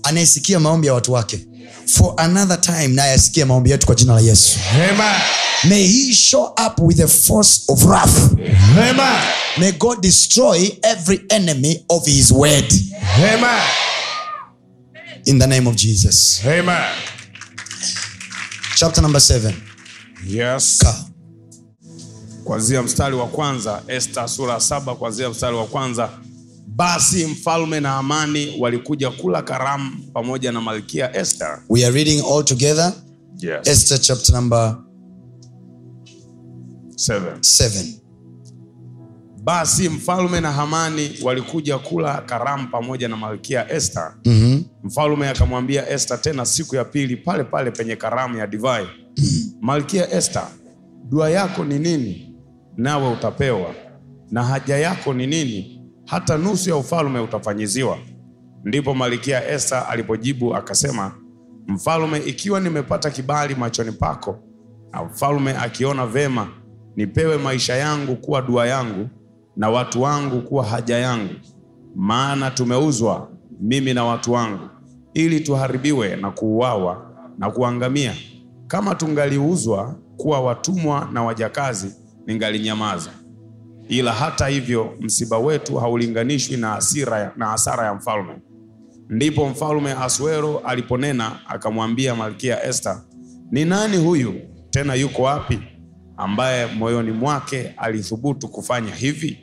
[SPEAKER 1] anayesikia maombi ya watu wake Yes for another time naye asikie maombi yetu kwa jina la yesu Amen. may he show up with a force of wrath Amen. may god destroy every enemy of his word Amen. in the name of jesus Amen. chapter number 7
[SPEAKER 2] yes. kwanzia mstari wa kwanza esta sura saba kwanzia mstari wa kwanza basi mfalme na amani walikuja kula karamu pamoja na malkia esther
[SPEAKER 1] we are reading all together yes. esther chapter number 7 basi mfalme na
[SPEAKER 2] hamani walikuja kula karamu pamoja na malkia esther mm-hmm. mfalme akamwambia esther tena siku ya pili pale pale penye karamu ya divai mm-hmm. malkia esther dua yako ni nini nawe utapewa na haja yako ni nini hata nusu ya ufalme utafanyiziwa. Ndipo malikia Esta alipojibu akasema, Mfalme, ikiwa nimepata kibali machoni pako na mfalme akiona vema, nipewe maisha yangu kuwa dua yangu na watu wangu kuwa haja yangu, maana tumeuzwa mimi na watu wangu ili tuharibiwe na kuuawa na kuangamia. Kama tungaliuzwa kuwa watumwa na wajakazi, ningalinyamaza ila hata hivyo msiba wetu haulinganishwi na hasira na hasara ya mfalme. Ndipo mfalme Asuero aliponena akamwambia malkia este ni nani huyu tena yuko wapi ambaye moyoni mwake alithubutu kufanya hivi?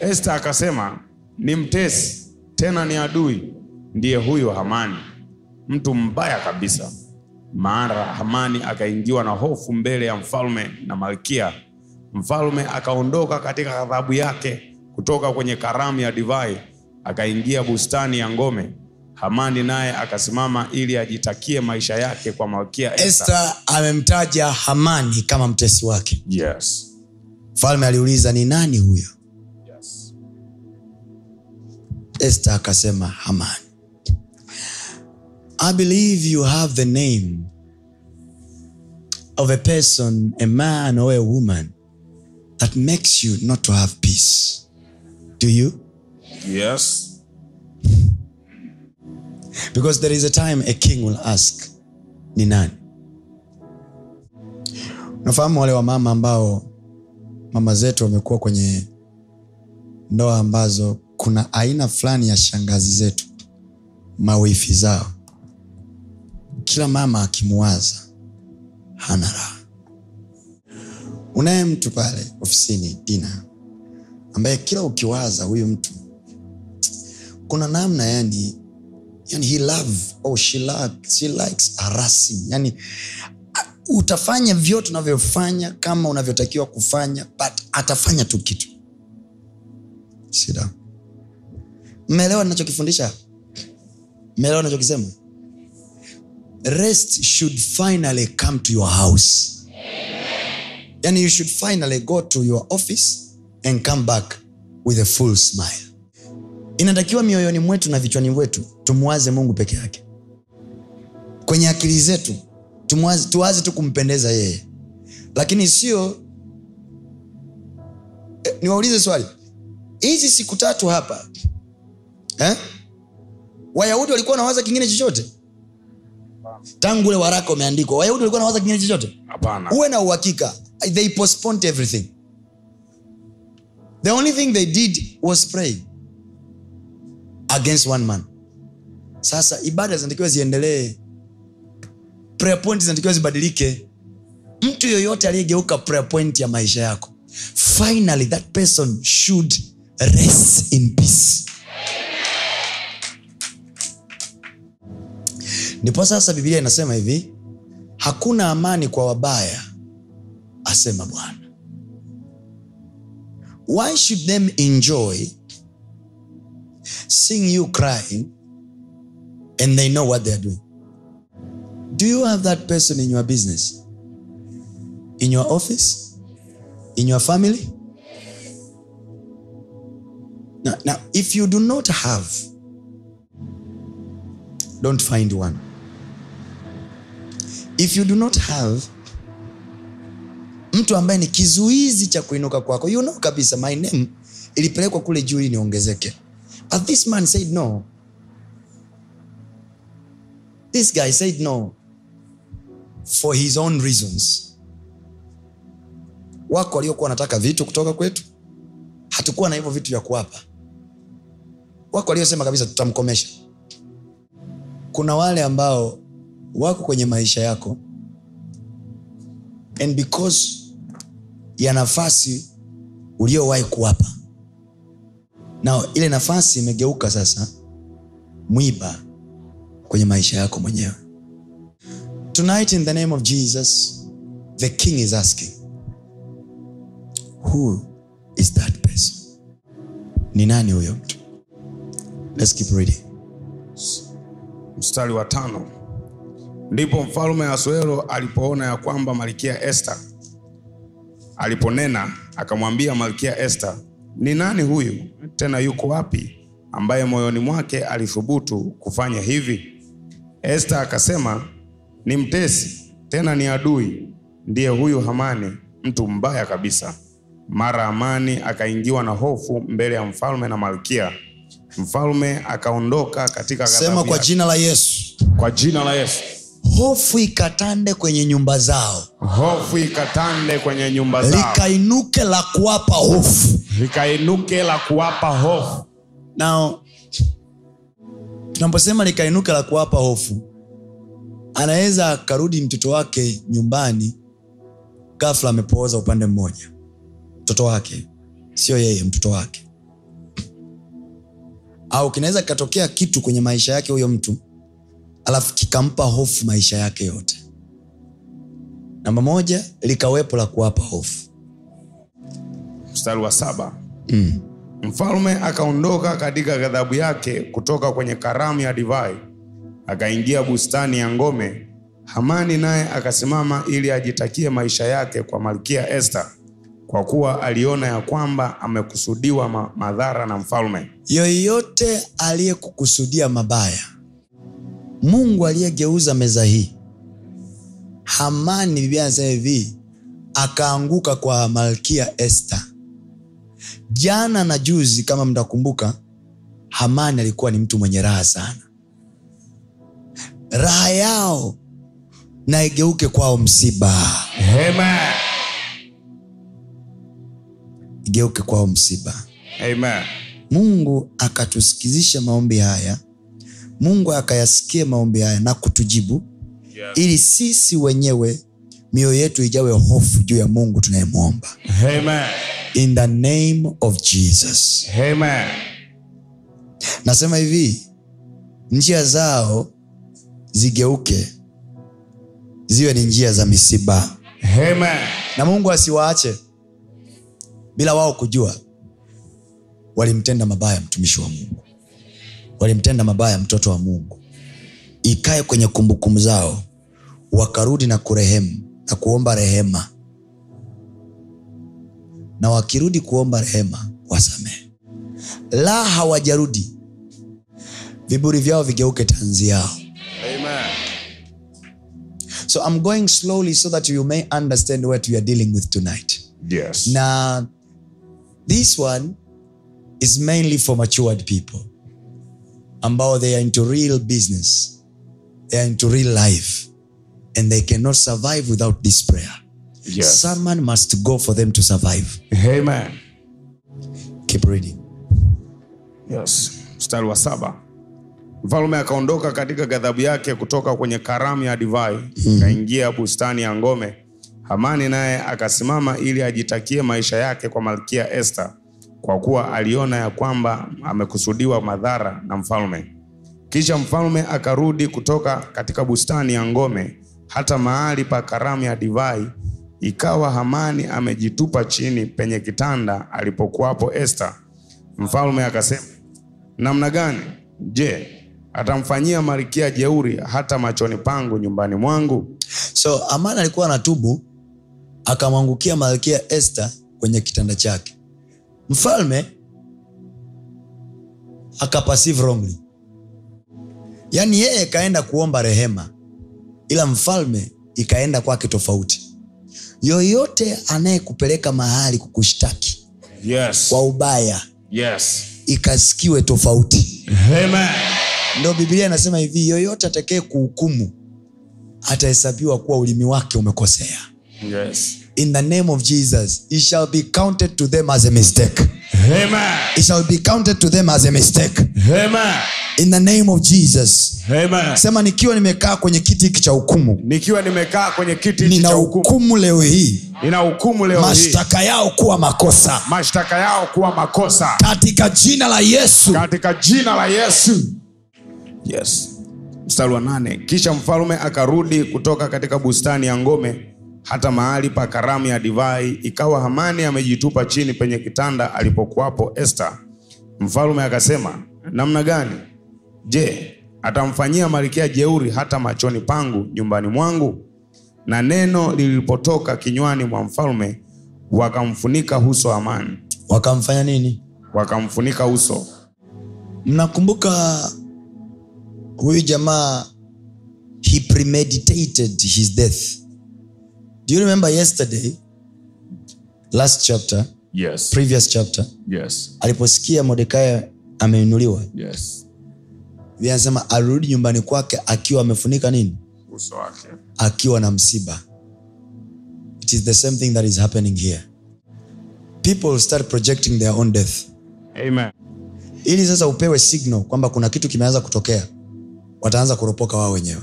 [SPEAKER 2] Esta akasema, ni mtesi tena ni adui, ndiye huyu Hamani, mtu mbaya kabisa. Mara Hamani akaingiwa na hofu mbele ya mfalme na malkia mfalme akaondoka katika ghadhabu yake kutoka kwenye karamu ya divai akaingia bustani ya ngome. Hamani naye akasimama ili ajitakie maisha yake kwa malkia Esta.
[SPEAKER 1] Amemtaja Hamani kama mtesi wake. Yes. Mfalme aliuliza ni nani huyo? Yes. Esta akasema Hamani. I believe you have the name of a person, a man or a woman that makes you not to have peace. Do you? Yes. Because there is a time a king will ask, ni nani? Unafahamu wale wa mama ambao mama zetu wamekuwa kwenye ndoa ambazo kuna aina fulani ya shangazi zetu, mawifi zao, kila mama akimuwaza hana raha unaye mtu pale ofisini dina ambaye kila ukiwaza huyu mtu kuna namna yani yani he love or oh, she, love, she likes arasi yani utafanya vyote unavyofanya kama unavyotakiwa kufanya but atafanya tu kitu sida mmeelewa ninachokifundisha mmeelewa nachokisema rest should finally come to your house Amen yani you should finally go to your office and come back with a full smile inatakiwa mioyoni mwetu na vichwani mwetu tumwaze mungu peke yake kwenye akili zetu tumwaze, tuwaze tu kumpendeza yeye lakini sio eh, niwaulize swali hizi siku tatu hapa eh? wayahudi walikuwa wanawaza kingine chochote tangu ule waraka umeandikwa wayahudi walikuwa wanawaza kingine chochote uwe na uhakika they postponed everything. The only thing they did was pray against one man. Sasa ibada zinatakiwa ziendelee, prayer point zinatakiwa zibadilike. Mtu yoyote aliyegeuka prayer point ya maisha yako, finally that person should rest in peace. Ndipo sasa Biblia inasema hivi, hakuna amani kwa wabaya asema bwana why should them enjoy seeing you crying and they know what they're doing do you have that person in your business in your office in your family now, now if you do not have don't find one if you do not have mtu ambaye ni kizuizi cha kuinuka kwako you know kabisa my name ilipelekwa kule juu ili niongezeke but this man said no this guy said no for his own reasons wako waliokuwa wanataka vitu kutoka kwetu hatukuwa na hivyo vitu vya kuwapa wako waliosema kabisa tutamkomesha kuna wale ambao wako kwenye maisha yako and because ya nafasi uliowahi kuwapa na ile nafasi imegeuka sasa mwiba kwenye maisha yako mwenyewe tonight in the name of jesus the king is asking who is that person ni nani huyo mtu Let's keep reading.
[SPEAKER 2] mstari wa tano ndipo mfalume asuero alipoona ya kwamba malikia este aliponena akamwambia malkia este ni nani huyu tena yuko wapi ambaye moyoni mwake alithubutu kufanya hivi este akasema ni mtesi tena ni adui ndiye huyu hamani mtu mbaya kabisa mara amani akaingiwa na hofu mbele ya mfalme na malkia mfalme akaondoka katika sema kwa jina
[SPEAKER 1] la yesu kwa jina la yesu hofu ikatande kwenye nyumba zao hofu ikatande kwenye nyumba zao likainuke la kuwapa hofu likainuke la kuwapa hofu now tunaposema likainuke la kuwapa hofu anaweza akarudi mtoto wake nyumbani gafla amepooza upande mmoja mtoto wake sio yeye mtoto wake au kinaweza kikatokea kitu kwenye maisha yake huyo mtu alafu kikampa hofu maisha yake yote namba moja likawepo la kuwapa hofu mstari wa saba mm. mfalme
[SPEAKER 2] akaondoka katika ghadhabu yake kutoka kwenye karamu ya divai akaingia bustani ya ngome hamani naye akasimama ili ajitakie maisha yake kwa malkia este kwa kuwa aliona ya kwamba amekusudiwa ma madhara na mfalme
[SPEAKER 1] yoyote aliyekukusudia mabaya Mungu aliyegeuza meza hii. Hamani, bibia anasema hivi, akaanguka kwa Malkia este Jana na juzi, kama mtakumbuka, Hamani alikuwa ni mtu mwenye raha sana. Raha yao naigeuke kwao msiba. Igeuke kwao msiba. Amen. Mungu akatusikizisha maombi haya mungu akayasikie maombi haya na kutujibu yeah. ili sisi wenyewe mioyo yetu ijawe hofu juu ya mungu tunayemwomba in the name of jesus Amen. nasema hivi njia zao zigeuke ziwe ni njia za misiba Amen. na mungu asiwaache bila wao kujua walimtenda mabaya mtumishi wa mungu walimtenda mabaya mtoto wa mungu ikae kwenye kumbukumbu kumbu zao wakarudi na kurehemu na kuomba rehema na wakirudi kuomba rehema wasamehe la hawajarudi viburi vyao vigeuke tanzi yao so i'm going slowly so that you may understand what we are dealing with tonight yes. na this one is mainly for matured people ambao they are into real business they are into real life and they cannot survive without this prayer yes. someone must go for them to survive amen keep reading
[SPEAKER 2] yes mstari wa saba mfalme akaondoka katika ghadhabu yake kutoka kwenye karamu ya divai hmm. akaingia mm. bustani ya ngome hamani naye akasimama ili ajitakie maisha yake kwa malkia esta kwa kuwa aliona ya kwamba amekusudiwa madhara na mfalme. Kisha mfalme akarudi kutoka katika bustani ya ngome hata mahali pa karamu ya divai, ikawa Hamani amejitupa chini penye kitanda alipokuwapo Esta. Mfalme akasema, namna gani? Je, atamfanyia malkia jeuri hata
[SPEAKER 1] machoni pangu nyumbani mwangu? So Hamani alikuwa anatubu, akamwangukia malkia Esta kwenye kitanda chake mfalme akapasive yani yaani yeye kaenda kuomba rehema ila mfalme ikaenda kwake tofauti yoyote anayekupeleka mahali kukushtaki yes. kwa ubaya yes. ikasikiwe tofauti ndo biblia inasema hivi yoyote atakee kuhukumu atahesabiwa kuwa ulimi wake umekosea yes in the name of jesus it shall be counted to them as a mistake Amen. it shall be counted to them as a mistake Amen. in the name of jesus Amen. sema nikiwa nimekaa kwenye kiti hiki cha hukumu
[SPEAKER 2] nikiwa nimekaa kwenye kiti nina
[SPEAKER 1] hukumu leo hii
[SPEAKER 2] nina hukumu leo mashtaka yao kuwa makosa mashtaka yao kuwa makosa katika jina la yesu katika jina la yesu yes mstari wa nane kisha mfalume akarudi kutoka katika bustani ya ngome hata mahali pa karamu ya divai. Ikawa Hamani amejitupa chini penye kitanda alipokuwapo Esta. Mfalme akasema, namna gani? Je, atamfanyia malkia jeuri hata machoni pangu nyumbani mwangu? Na neno lilipotoka kinywani mwa mfalme, wakamfunika uso Hamani. Wakamfanya nini? Wakamfunika
[SPEAKER 1] uso. Mnakumbuka huyu jamaa he premeditated his death do you remember yesterday last chapter yes. previous chapter yes. aliposikia mordekai ameinuliwa yes. anasema alirudi nyumbani kwake akiwa amefunika nini uso wake akiwa na msiba it is the same thing that is happening here people start projecting their own death Amen. ili sasa upewe signal kwamba kuna kitu kimeanza kutokea wataanza kuropoka wao wenyewe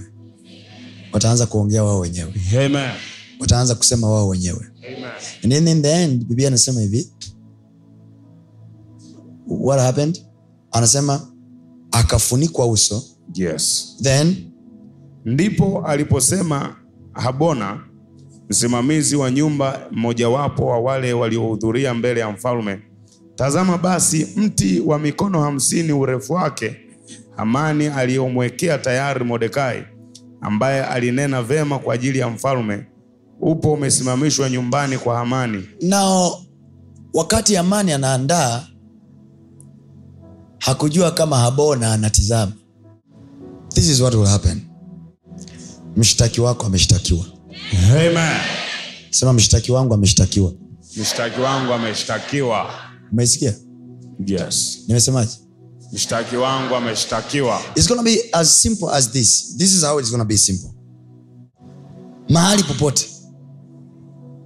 [SPEAKER 1] wataanza kuongea wao wenyewe Amen wataanza kusema wao wenyewe and anasema hivi what happened anasema akafunikwa uso yes. then
[SPEAKER 2] ndipo aliposema habona msimamizi wa nyumba mmojawapo wa wale waliohudhuria mbele ya mfalme tazama basi mti wa mikono hamsini urefu wake hamani aliyomwekea tayari modekai ambaye alinena vema kwa ajili ya mfalme upo umesimamishwa nyumbani
[SPEAKER 1] kwa amani Nao wakati amani anaandaa, hakujua kama Habona anatizama. This is what will happen. Mshtaki wako ameshtakiwa. Amen. Sema mshtaki wangu ameshtakiwa.
[SPEAKER 2] Mshtaki wangu ameshtakiwa. Umesikia? Yes. Nimesemaje? Mshtaki wangu ameshtakiwa.
[SPEAKER 1] It's gonna be as simple as this. This is how it's gonna be simple. Mahali popote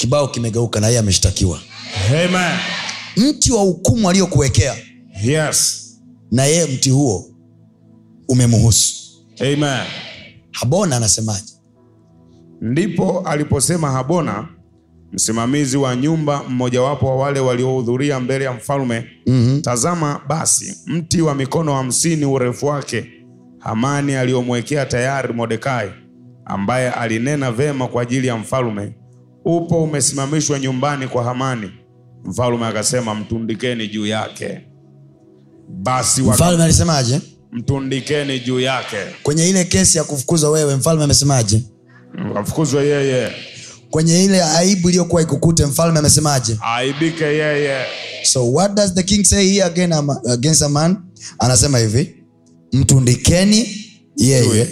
[SPEAKER 1] kibao kimegeuka na yeye ameshtakiwa mti wa hukumu aliyokuwekea yes. na yeye mti huo umemuhusu Amen.
[SPEAKER 2] habona anasemaje ndipo aliposema habona msimamizi wa nyumba mmojawapo wa wale waliohudhuria mbele ya mfalme mm-hmm. tazama basi mti wa mikono hamsini urefu wake hamani aliyomwekea tayari modekai ambaye alinena vema kwa ajili ya mfalme upo umesimamishwa nyumbani kwa Hamani. Mfalme akasema mtundikeni juu yake.
[SPEAKER 1] Basi mfalme alisemaje?
[SPEAKER 2] Mtundikeni juu yake.
[SPEAKER 1] Kwenye ile kesi ya kufukuzwa wewe, mfalme amesemaje? Kafukuzwe yeye. Kwenye ile aibu iliyokuwa ikukute, mfalme amesemaje? Aibike yeye. So what does the king say here again against a man? Anasema hivi, mtundikeni yeye,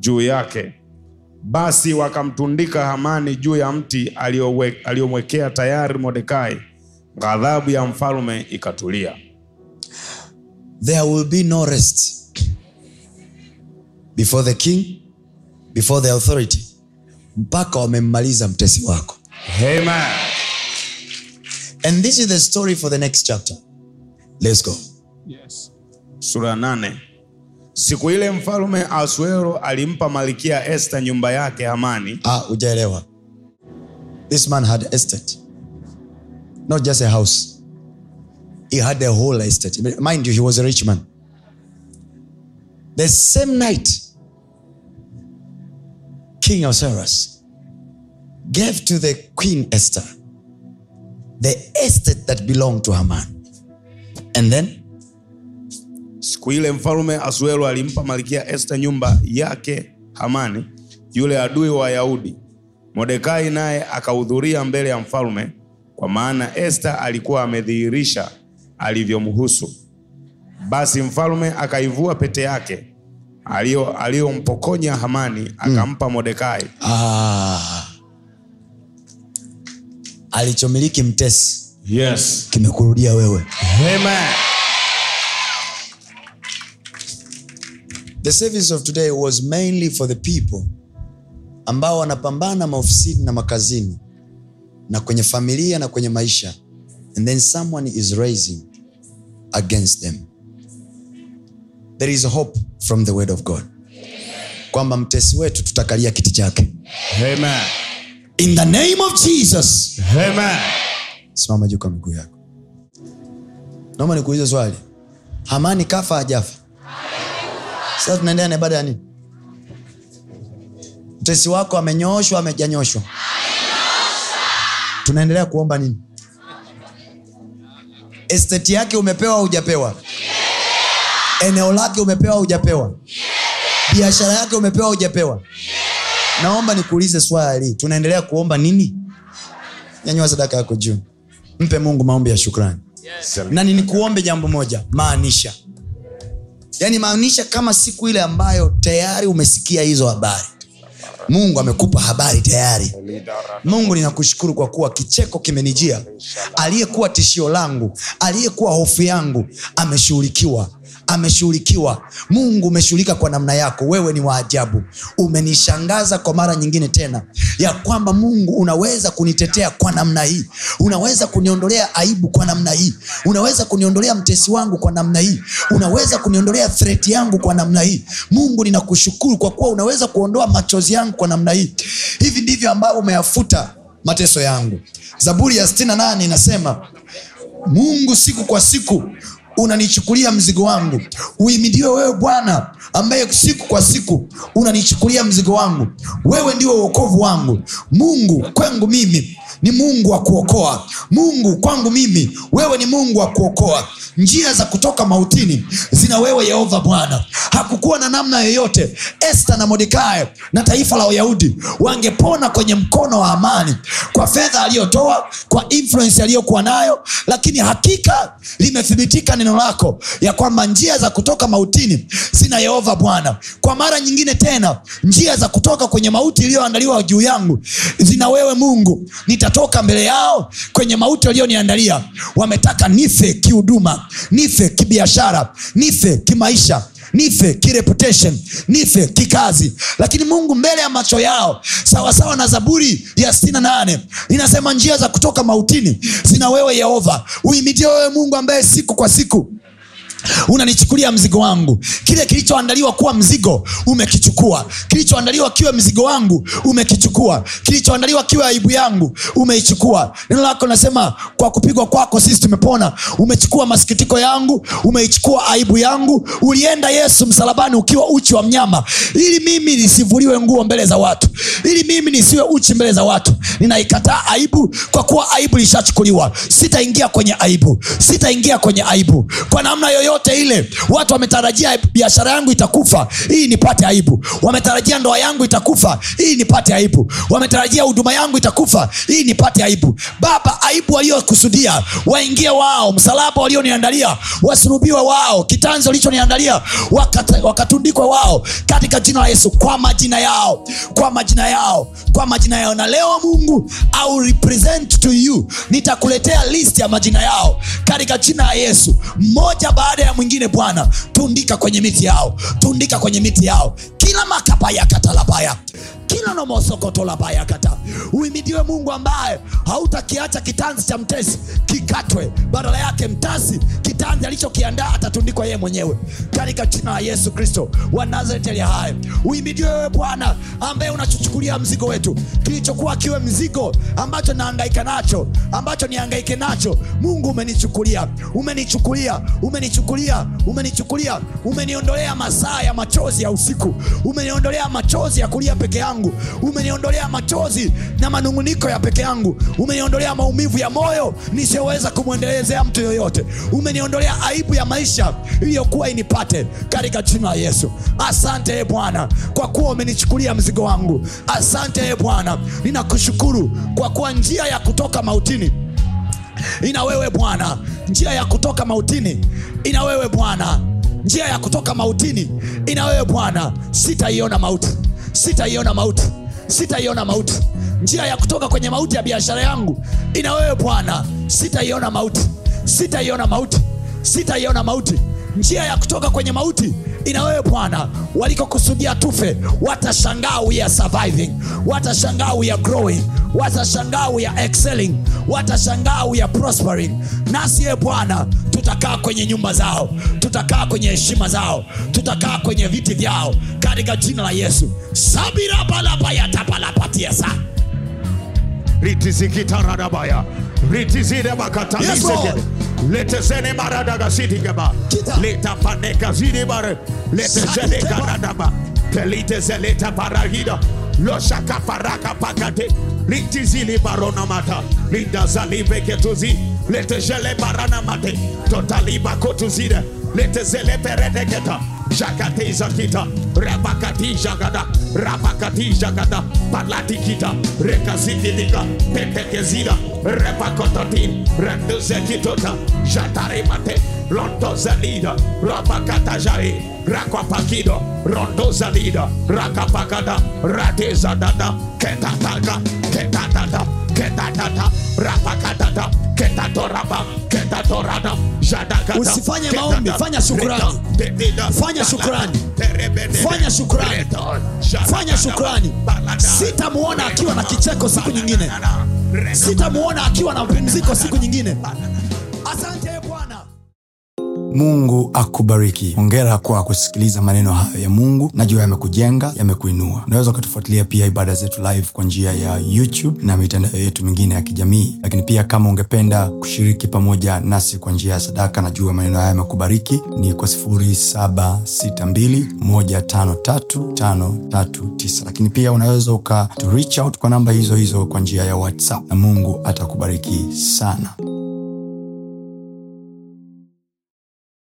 [SPEAKER 2] juu yake basi wakamtundika Hamani juu ya mti aliyomwekea tayari Mordekai. Ghadhabu ya mfalme ikatulia.
[SPEAKER 1] There will be no rest before the king, before the authority, mpaka wamemmaliza mtesi wako. Amen. And this is the story for the next chapter. Let's go. Yes.
[SPEAKER 2] Sura nane. Siku ile mfalme Asuero alimpa malikia este nyumba yake Hamani.
[SPEAKER 1] Ah, ujaelewa. This man had estate. Not just a house. He had a whole estate. Mind you, he was a rich man. The same night, King asuerus gave to the Queen Esther the estate that belonged to Haman. And then
[SPEAKER 2] Siku ile mfalume Asuelo alimpa malikia este nyumba yake Hamani yule adui wa Wayahudi. modekai naye akahudhuria mbele ya mfalme, kwa maana este alikuwa amedhihirisha alivyomhusu. Basi mfalme akaivua pete yake aliyompokonya Hamani hmm. akampa modekai
[SPEAKER 1] Ah, alichomiliki mtesi yes, kimekurudia wewe. Amen. The service of today was mainly for the people ambao wanapambana maofisini na makazini na kwenye familia na kwenye maisha and then someone is raising against them. There is hope from the word of God kwamba mtesi wetu tutakalia kiti chake Amen. in the name of jesus Amen. simama juu kwa miguu yako naomba nikuulize swali hamani kafa ajafa sasa tunaendelea na ibada ya nini mtesi wako amenyoshwa amejanyoshwa tunaendelea kuomba nini esteti yake umepewa ujapewa eneo lake umepewa ujapewa biashara yake umepewa ujapewa naomba nikuulize swali tunaendelea kuomba nini nyanyua sadaka yako juu mpe mungu maombi ya shukrani yes. na ninikuombe jambo moja maanisha yani maanisha kama siku ile ambayo tayari umesikia hizo habari mungu amekupa habari tayari mungu ninakushukuru kwa kuwa kicheko kimenijia aliyekuwa tishio langu aliyekuwa hofu yangu ameshughulikiwa ameshughulikiwa mungu umeshughulika kwa namna yako wewe ni waajabu umenishangaza kwa mara nyingine tena ya kwamba mungu unaweza kunitetea kwa namna hii unaweza kuniondolea aibu kwa namna hii unaweza kuniondolea mtesi wangu kwa namna hii unaweza kuniondolea threti yangu kwa namna hii mungu ninakushukuru kwa kuwa unaweza kuondoa machozi yangu kwa namna hii hivi ndivyo ambavyo umeyafuta mateso yangu zaburi ya 68 inasema mungu siku kwa siku unanichukulia
[SPEAKER 3] mzigo wangu uimidiwe wewe bwana ambaye siku kwa siku unanichukulia mzigo wangu wewe ndiwe uokovu wangu mungu kwangu mimi ni mungu wa kuokoa mungu kwangu mimi wewe ni mungu wa kuokoa njia za kutoka mautini zina wewe yehova bwana hakukuwa na namna yoyote este na modekae na taifa la wayahudi wangepona kwenye mkono wa amani kwa fedha aliyotoa kwa influensi aliyokuwa nayo lakini hakika limethibitika neno lako ya kwamba njia za kutoka mautini zina yehova bwana kwa mara nyingine tena njia za kutoka kwenye mauti iliyoandaliwa juu yangu zina wewe mungu Nita nitatoka mbele yao kwenye mauti walioniandalia wametaka nife kihuduma nife kibiashara nife kimaisha nife kireputation nife kikazi lakini mungu mbele ya macho yao sawasawa sawa na zaburi ya stina inasema njia za kutoka mautini zina wewe yehova uimitie wewe mungu ambaye siku kwa siku unanichukulia mzigo wangu kile kilichoandaliwa kuwa mzigo umekichukua kilichoandaliwa kiwe mzigo wangu umekichukua kilichoandaliwa kiwe aibu yangu umeichukua neno lako nasema kwa kupigwa kwako sisi tumepona umechukua masikitiko yangu umeichukua aibu yangu ulienda yesu msalabani ukiwa uchi wa mnyama ili mimi nisivuliwe nguo mbele za watu ili mimi nisiwe uchi mbele za watu ninaikataa aibu kwa kuwa aibu lishachukuliwa sitaingia kwenye aibu sitaingia kwenye aibu kwa namna yoyote yoyote ile watu wametarajia biashara yangu itakufa hii nipate aibu wametarajia ndoa yangu itakufa hii nipate aibu wametarajia huduma yangu itakufa hii nipate aibu baba aibu waliokusudia waingie wao msalaba walioniandalia wasurubiwe wao kitanzo lichoniandalia wakatundikwe wao katika jina la yesu kwa majina yao kwa majina yao kwa majina yao na leo mungu au to you nitakuletea list ya majina yao katika jina la yesu mmoja baada ya mwingine bwana tundika kwenye miti yao tundika kwenye miti yao kila makapaya katalabaya kila nomosokotola uimidiwe mungu ambaye hautakiacha kitanzi cha mtesi kikatwe badala yake mtasi kitanzi alichokiandaa atatundikwa yeye mwenyewe katika jina la yesu kristo wa nazareti aliye uimidiwe wewe bwana ambaye unachochukulia mzigo wetu kilichokuwa kiwe mzigo ambacho naangaika nacho ambacho niangaike nacho mungu umenichukulia umenichukulia umenichukulia umenichukulia umeniondolea masaa ya machozi ya usiku umeniondolea machozi ya kulia peke yangu yangu umeniondolea machozi na manunguniko ya peke yangu umeniondolea maumivu ya moyo nisiyoweza kumwendelezea mtu yoyote umeniondolea aibu ya maisha iliyokuwa inipate katika jina la yesu asante e bwana kwa kuwa umenichukulia mzigo wangu asante e bwana ninakushukuru kwa kuwa njia ya kutoka mautini ina wewe bwana njia ya kutoka mautini ina wewe bwana njia ya kutoka mautini ina wewe bwana sitaiona mauti sitaiona mauti sitaiona mauti njia ya kutoka kwenye mauti ya biashara yangu ina wewe bwana sitaiona mauti sitaiona mauti sitaiona mauti, sita njia ya kutoka kwenye mauti ina wewe bwana walikokusudia tufe watashangaa we are surviving watashangaa we are growing watashangaa we are excelling watashangaa we are prospering nasi ye ee bwana tutakaa kwenye nyumba zao tutakaa kwenye heshima zao tutakaa kwenye viti vyao katika jina la yesu sa ritizikitaradabaya
[SPEAKER 2] ritizidebakatabiseke Lete zene maradaga siti gaba. Leta paneka zidi bare. Lete zene karadaba. Pelite zeleta paragida. Lo shaka paraka pakate. Liti zili barona mata. Linda zalive ketuzi. Lete jele barana mate. Totaliba kotuzide.
[SPEAKER 3] Lete zele perete peredeketa. Jakate Zakita, Rabakati Jagada, Rabakati Jagada, Palati Kita, Rekazidiga, Pepekezida, Repakotatin, Renduzekitota, Jatare Mate, Londo Zalida, Rabakatajare, Rakwapakido, Rondo Zalida, Rakapakada, Rate Zadada, Ketataga, Ketatada, Ketatada, Rapakatata, Ketatoraba, Ketatorada, usifanye maombi fanya shukrani fanya shukrani fanya shukrani fanya shukrani sitamwona akiwa na kicheko siku nyingine sitamwona akiwa na mapumziko siku nyingine asante
[SPEAKER 1] Mungu akubariki. Hongera kwa kusikiliza maneno hayo ya Mungu, najua yamekujenga, yamekuinua. Unaweza ukatufuatilia pia ibada zetu live kwa njia ya YouTube na mitandao yetu mingine ya kijamii, lakini pia kama ungependa kushiriki pamoja nasi kwa njia ya sadaka, najua maneno hayo yamekubariki, ni kwa 0762153539 lakini pia unaweza uka reach out kwa namba hizo hizo kwa njia ya WhatsApp na Mungu atakubariki sana.